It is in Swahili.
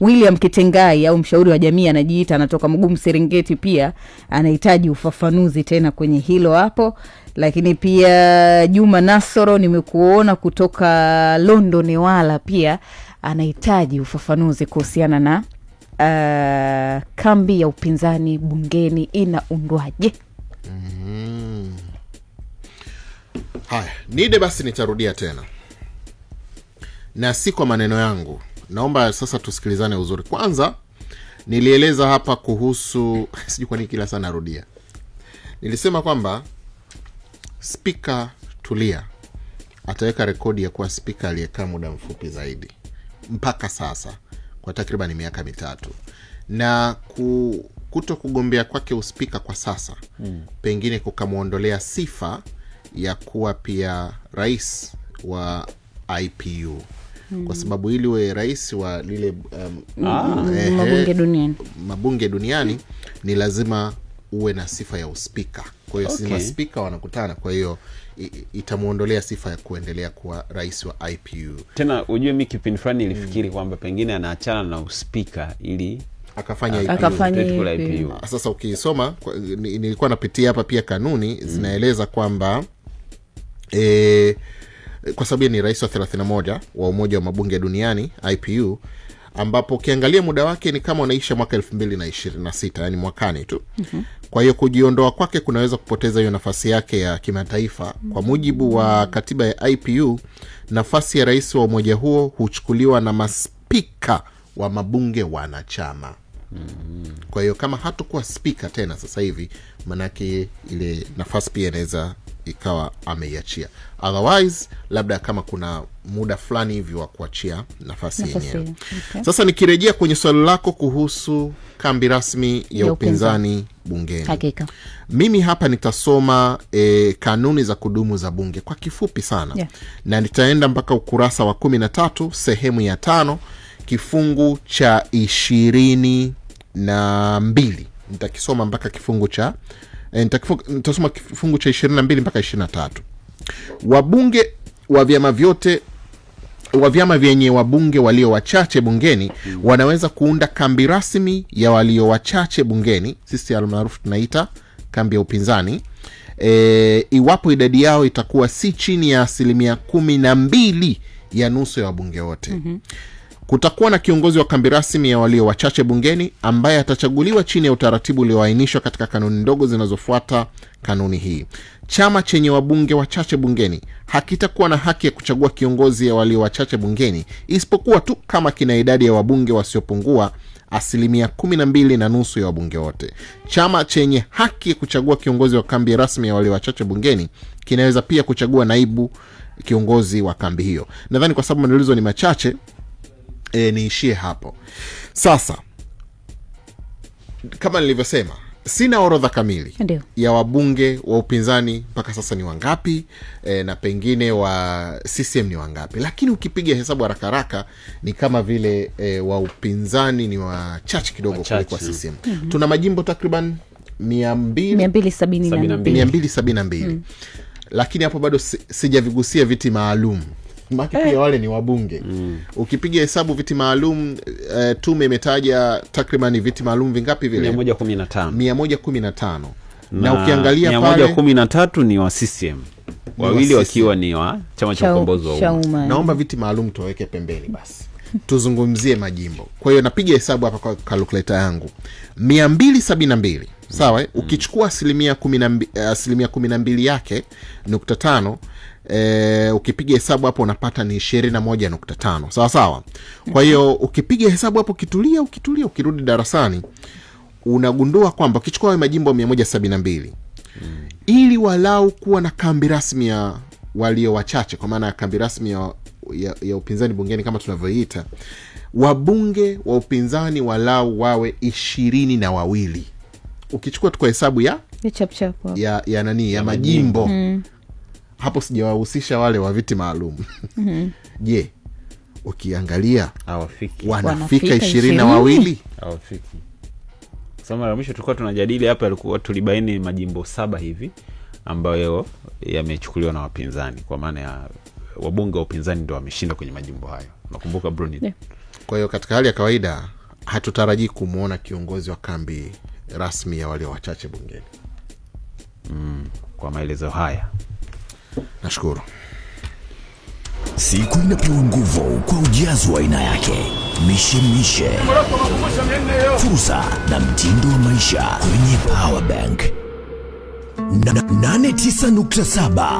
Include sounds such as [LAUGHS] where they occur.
William Kitengai au mshauri wa jamii anajiita, anatoka Mgumu Serengeti, pia anahitaji ufafanuzi tena kwenye hilo hapo. Lakini pia Juma Nasoro nimekuona kutoka London wala pia anahitaji ufafanuzi kuhusiana na uh, kambi ya upinzani bungeni inaundwaje? mm. Haya, nide basi nitarudia tena na si kwa maneno yangu naomba sasa tusikilizane uzuri. Kwanza nilieleza hapa kuhusu [LAUGHS] sijui kwa nini kila saa narudia, nilisema kwamba Spika Tulia ataweka rekodi ya kuwa spika aliyekaa muda mfupi zaidi mpaka sasa kwa takriban miaka mitatu na ku, kuto kugombea kwake uspika kwa sasa mm, pengine kukamwondolea sifa ya kuwa pia rais wa IPU kwa hmm. sababu ili uwe rais wa lile um, ah. eh, mabunge eh, duniani, mabunge duniani ni lazima uwe na sifa ya uspika kwa hiyo okay. maspika wanakutana kwa hiyo itamwondolea sifa ya kuendelea kuwa rais wa ipu tena ujue mi kipindi fulani ilifikiri mm. kwamba pengine anaachana na uspika ili akafanya akafanya ah, sasa ukisoma nilikuwa napitia hapa pia kanuni mm. zinaeleza kwamba eh, Eh, kwa sababu ni rais wa 31 wa Umoja wa Mabunge Duniani IPU, ambapo ukiangalia muda wake ni kama unaisha mwaka 2026 yani mwakani tu. mm -hmm. Kwa hiyo kujiondoa kwake kunaweza kupoteza hiyo nafasi yake ya kimataifa. Kwa mujibu wa katiba ya IPU, nafasi ya rais wa umoja huo huchukuliwa na maspika wa mabunge wanachama. Mm -hmm. Kwa hiyo kama hatakuwa spika tena sasa hivi, maanake ile nafasi pia inaweza ikawa ameiachia otherwise labda kama kuna muda fulani hivyo wa kuachia nafasi yenyewe okay. Sasa nikirejea kwenye swali lako kuhusu kambi rasmi ya upinzani bungeni Hakika. Mimi hapa nitasoma e, kanuni za kudumu za bunge kwa kifupi sana yeah. Na nitaenda mpaka ukurasa wa kumi na tatu sehemu ya tano kifungu cha ishirini na mbili nitakisoma mpaka kifungu cha Eh, nitasoma kifungu cha mbili mpaka tatu Wabunge wa vyama vyote wa vyama vyenye wabunge walio wachache bungeni hmm. wanaweza kuunda kambi rasmi ya walio wachache bungeni, sisi almaarufu tunaita kambi ya upinzani e, iwapo idadi yao itakuwa si chini ya asilimia kumi na mbili ya nusu ya wabunge wote. mm -hmm. Kutakuwa na kiongozi wa kambi rasmi ya walio wachache bungeni ambaye atachaguliwa chini ya utaratibu ulioainishwa katika kanuni ndogo zinazofuata kanuni hii. Chama chenye wabunge wachache bungeni hakitakuwa na haki ya kuchagua kiongozi ya walio wachache bungeni isipokuwa tu kama kina idadi ya wabunge wasiopungua asilimia kumi na mbili na nusu ya wabunge wote. Chama chenye haki ya kuchagua kiongozi wa kambi rasmi ya walio wachache bungeni kinaweza pia kuchagua naibu kiongozi wa kambi hiyo. Nadhani kwa sababu maandalizo ni machache e, niishie hapo sasa. Kama nilivyosema, sina orodha kamili Ndiyo. ya wabunge wa upinzani mpaka sasa ni wangapi e, na pengine wa CCM ni wangapi, lakini ukipiga hesabu haraka haraka ni kama vile e, wa upinzani ni wachache kidogo kuliko wa CCM. mm -hmm. tuna majimbo takriban 272 mm. lakini hapo bado sijavigusia viti maalum maki pia eh. wale ni wabunge mm. Ukipiga hesabu viti maalum uh, tume imetaja takribani viti maalum vingapi vile 115 115 na, na ukiangalia pale tatu ni wa CCM wawili wakiwa ni wa chama cha ukombozi wa umma. Naomba viti maalum tuwaweke pembeni basi [LAUGHS] tuzungumzie majimbo. Kwa hiyo napiga hesabu hapa kwa kalkuleta yangu mia mbili sabini na mbili sawa, eh? mm. ukichukua eh, asilimia kumi na mbili yake nukta tano E, ukipiga hesabu hapo unapata ni ishirini na moja nukta tano sawa sawa. Kwa hiyo ukipiga hesabu hapo ukitulia ukitulia, ukirudi darasani unagundua kwamba ukichukua hayo majimbo mia moja sabini na mbili mm. ili walau kuwa na kambi rasmi ya walio wachache, kwa maana ya kambi rasmi ya, ya, ya upinzani bungeni kama tunavyoita, wabunge wa upinzani walau wawe ishirini na wawili ukichukua tu kwa hesabu ya ya ya nani ya majimbo mm. hapo sijawahusisha wale wa viti maalum mm-hmm. je ukiangalia wanafika, ishirini na wawili hawafiki la mwisho tulikuwa tunajadili hapa alikuwa tulibaini majimbo saba hivi ambayo yamechukuliwa na wapinzani kwa maana ya wabunge wa upinzani ndo wameshinda kwenye majimbo hayo nakumbuka yeah. kwa hiyo katika hali ya kawaida hatutarajii kumwona kiongozi wa kambi rasmi ya walio wachache bungeni. Mm, kwa maelezo haya nashukuru. Siku inapewa nguvu kwa ujazo wa aina yake, mishemishe, fursa na mtindo wa maisha kwenye Powerbank 89.7.